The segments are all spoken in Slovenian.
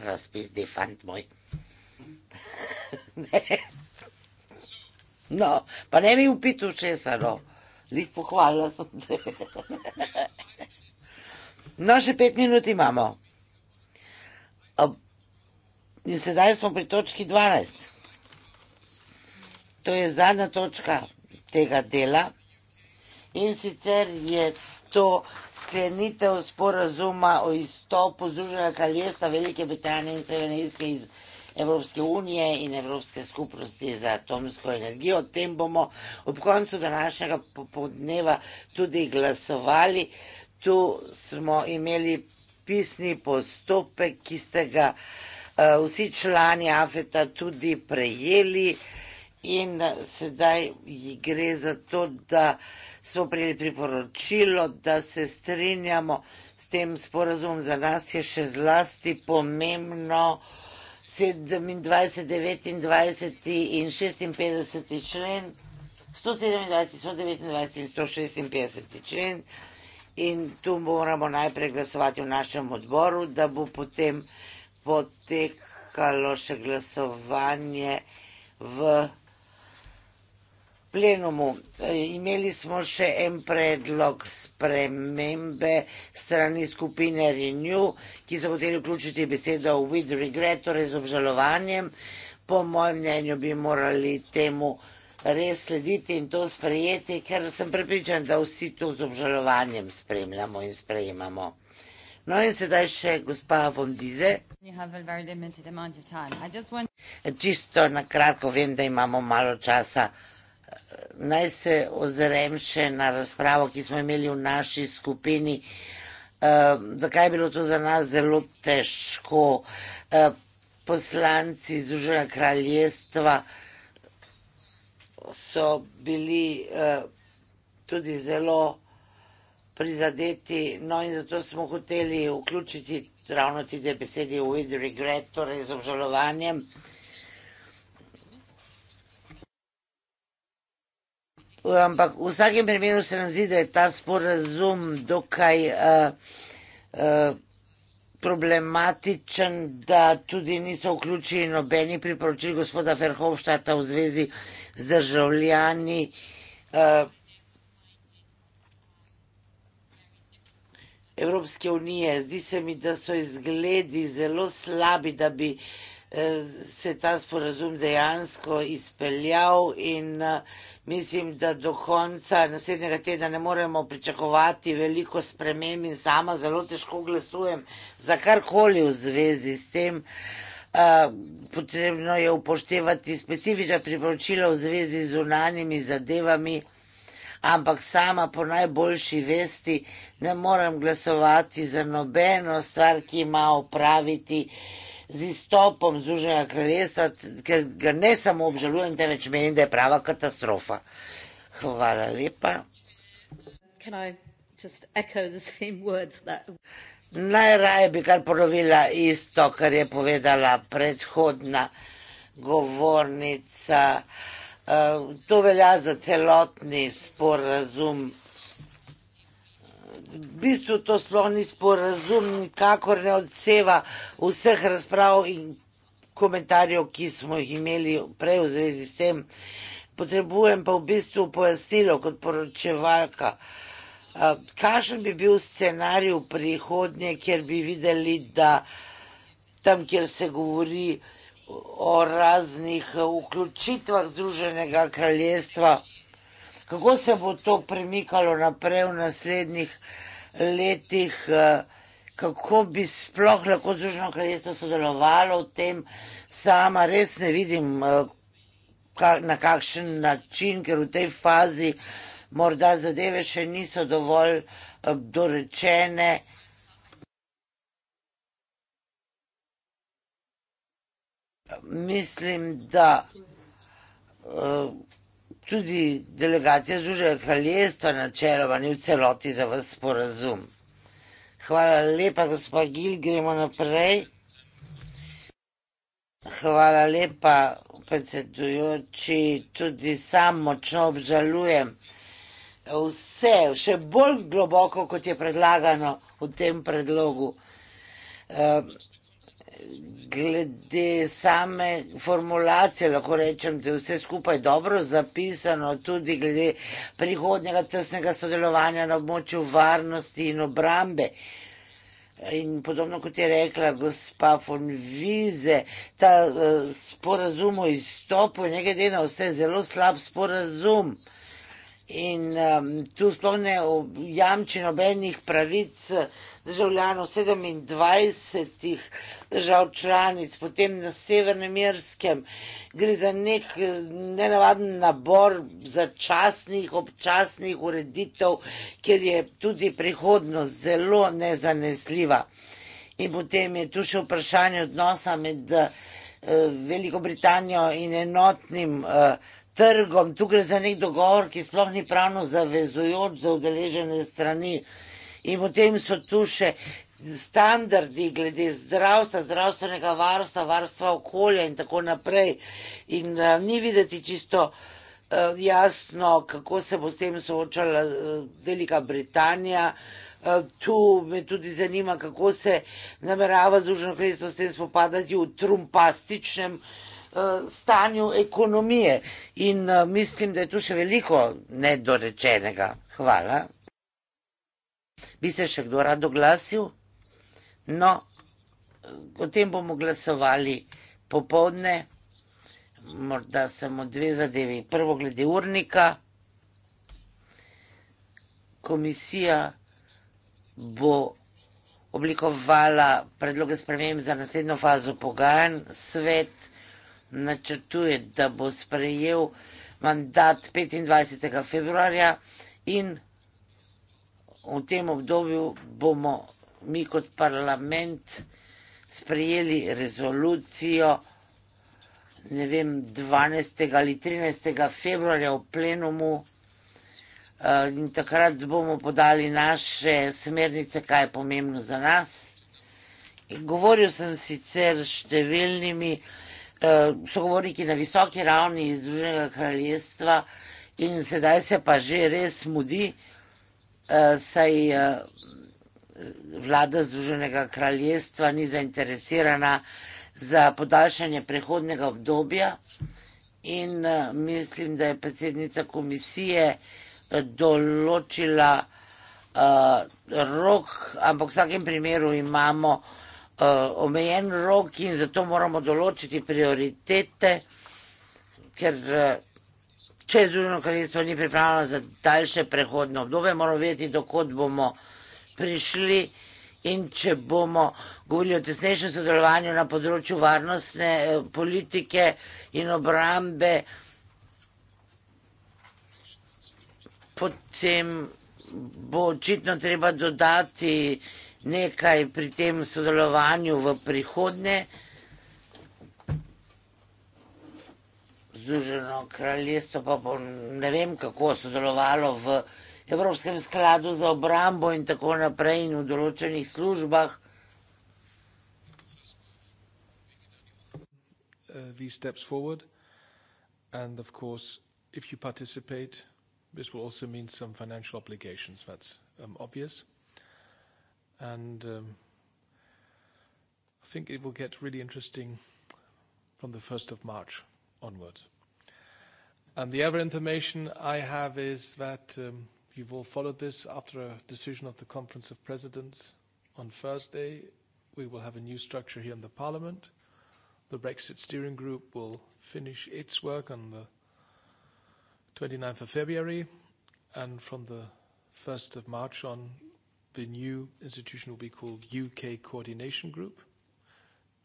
kar razpis, di fant moj. ne. No, pa ne mi upitu česa, no. Lih pohvala sem te. no, še pet minut imamo. In sedaj smo pri točki 12. To je zadnja točka tega dela. In sicer je to sklenitev sporazuma o izstopu Združenega kraljestva Velike Britanije in Severne Irske iz Evropske unije in Evropske skupnosti za atomsko energijo. O tem bomo ob koncu današnjega popodneva tudi glasovali. Tu smo imeli pisni postopek, ki ste ga uh, vsi člani AFETA tudi prejeli in sedaj gre za to, da smo prijeli priporočilo, da se strinjamo s tem sporazumom. Za nas je še zlasti pomembno 27, 29 in 56 člen, 127, 129 in 156 člen. In tu moramo najprej glasovati v našem odboru, da bo potem potekalo še glasovanje v plenumu. E, imeli smo še en predlog spremembe strani skupine Renew, ki so hoteli vključiti besedo with regret, torej z obžalovanjem. Po mojem mnenju bi morali temu res slediti in to sprejeti, ker sem prepričan, da vsi to z obžalovanjem spremljamo in sprejemamo. No in sedaj še gospa von Dize. Want... Čisto na kratko vem, da imamo malo časa naj se ozrem še na razpravo, ki smo imeli v naši skupini, eh, zakaj je bilo to za nas zelo težko. Eh, poslanci Združenja kraljestva so bili eh, tudi zelo prizadeti, no in zato smo hoteli vključiti ravno ti dve besedi with regret, torej z obžalovanjem. ampak v vsakem primeru se nam zdi, da je ta sporazum dokaj uh, uh, problematičen, da tudi niso vključili nobeni priporočili gospoda Ferhovštata v zvezi z državljani. Uh, Evropske unije, zdi se mi, da so izgledi zelo slabi, da bi uh, Eh, se ta sporazum dejansko izpeljal in eh, mislim, da do konca naslednjega tedna ne moremo pričakovati veliko sprememb in sama zelo težko glasujem za karkoli v zvezi s tem. Uh, potrebno je upoštevati specifična priporočila v zvezi z unanimi zadevami, ampak sama po najboljši vesti ne morem glasovati za nobeno stvar, ki ima opraviti uh, z izstopom Združenega kraljestva, ker ga ne samo obžalujem, temveč menim, da je prava katastrofa. Hvala lepa. Najraje bi kar ponovila isto, kar je povedala predhodna govornica. Eh, to velja za celotni sporazum bistvu to sploh ni sporazum, nikakor ne odseva vseh razprav in komentarjev, ki smo jih imeli prej v zvezi s tem. Potrebujem pa v bistvu pojasnilo kot poročevalka. Kakšen bi bil scenarij v prihodnje, kjer bi videli, da tam, kjer se govori o raznih e, vključitvah Združenega kraljestva kako se bo to premikalo naprej v naslednjih letih, eh, kako bi sploh lahko Združeno kraljestvo sodelovalo v tem, sama res ne vidim, eh, na kakšen način, ker v tej fazi morda zadeve še niso dovolj eh, dorečene. Mislim, da tudi delegacija Združenja kraljestva načeloma ni v celoti za vas sporazum. Hvala lepa, gospod Gil, gremo naprej. Hvala lepa, predsedujoči, tudi sam močno obžalujem vse, še bolj globoko, kot je predlagano v tem predlogu. Uh, glede same formulacije, lahko rečem, da je vse skupaj dobro zapisano, tudi glede prihodnjega tesnega sodelovanja na območju varnosti in obrambe. In podobno kot je rekla gospa von Vize, ta uh, sporazum o izstopu je nekaj dena vse zelo slab sporazum. In um, tu sploh ne jamči nobenih pravic uh, državljanov 27 držav članic, potem na Severnem Irskem. Gre za nek nenavaden nabor začasnih, občasnih ureditev, kjer je tudi prihodnost zelo nezanesljiva. In potem je tu še vprašanje odnosa med eh, Veliko Britanijo in enotnim eh, trgom. Tu gre za nek dogovor, ki sploh ni pravno zavezujoč za udeležene strani in potem so tu še standardi glede zdravstva, zdravstvenega varstva, varstva okolja in tako naprej. In uh, ni videti čisto uh, jasno, kako se bo s tem soočala uh, Velika Britanija. Tu me tudi zanima, kako se namerava Združeno kraljestvo s tem spopadati v trumpastičnem stanju ekonomije. In mislim, da je tu še veliko nedorečenega. Hvala. Bi se še kdo rad oglasil? No, o tem bomo glasovali popovdne, morda samo dve zadevi. Prvo glede urnika, komisija bo oblikovala predloge sprememb za naslednjo fazo pogajanj. Svet načrtuje, da bo sprejel mandat 25. februarja in v tem obdobju bomo mi kot parlament sprejeli rezolucijo ne vem, 12. ali 13. februarja v plenumu eh, in takrat bomo podali naše smernice, kaj je pomembno za nas. Govoril sem sicer s številnimi eh, sogovorniki na visoki ravni iz Združenega kraljestva in sedaj se pa že res mudi, Eh, saj eh, vlada Združenega kraljestva ni zainteresirana za podaljšanje prehodnega obdobja in eh, mislim, da je predsednica komisije določila rok, ampak v vsakem primeru imamo omejen rok in zato moramo določiti prioritete, ker če Združeno kraljestvo ni pripravljeno za daljše prehodno obdobje, moramo vedeti, dokot bomo prišli in če bomo govorili o tesnejšem sodelovanju na področju varnostne eh, politike in obrambe, potem bo očitno treba dodati nekaj pri tem sodelovanju v prihodnje. Združeno kraljestvo, pa bo, ne vem, kako sodelovalo v Evropskem skladu za obrambo in tako naprej in v določenih službah. Uh, this will also mean some financial obligations, that's um, obvious. And um, I think it will get really interesting from the 1st of March onwards. The other information I have is that um, you've all followed this. After a decision of the Conference of Presidents on Thursday, we will have a new structure here in the parliament. The Brexit Steering Group will finish its work on the 29th of February, and from the 1st of March on, the new institution will be called UK Coordination Group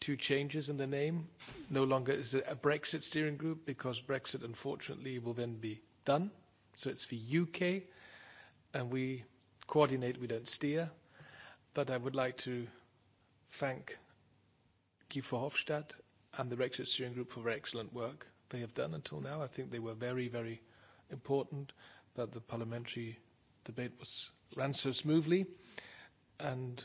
two changes in the name. No longer is it a Brexit steering group because Brexit, unfortunately, will then be done. So it's the UK and we coordinate, we don't steer. But I would like to thank Guy Verhofstadt and the Brexit steering group for very excellent work they have done until now. I think they were very, very important that the parliamentary debate was ran so smoothly and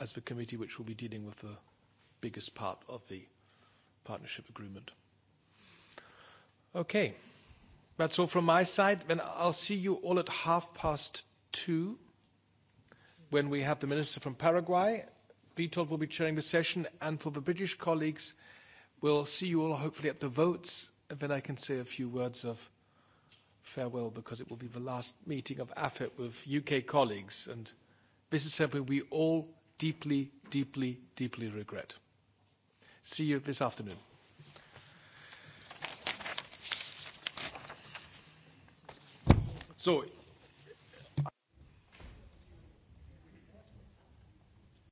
as the committee which will be dealing with the biggest part of the partnership agreement. Okay, that's all from my side. Then I'll see you all at half past two when we have the minister from Paraguay. Vitold will be chairing the session, and for the British colleagues, we'll see you all hopefully at the votes, and then I can say a few words of farewell because it will be the last meeting of AFIT e with UK colleagues. And this is something we all deeply, deeply, deeply regret. See you this afternoon. So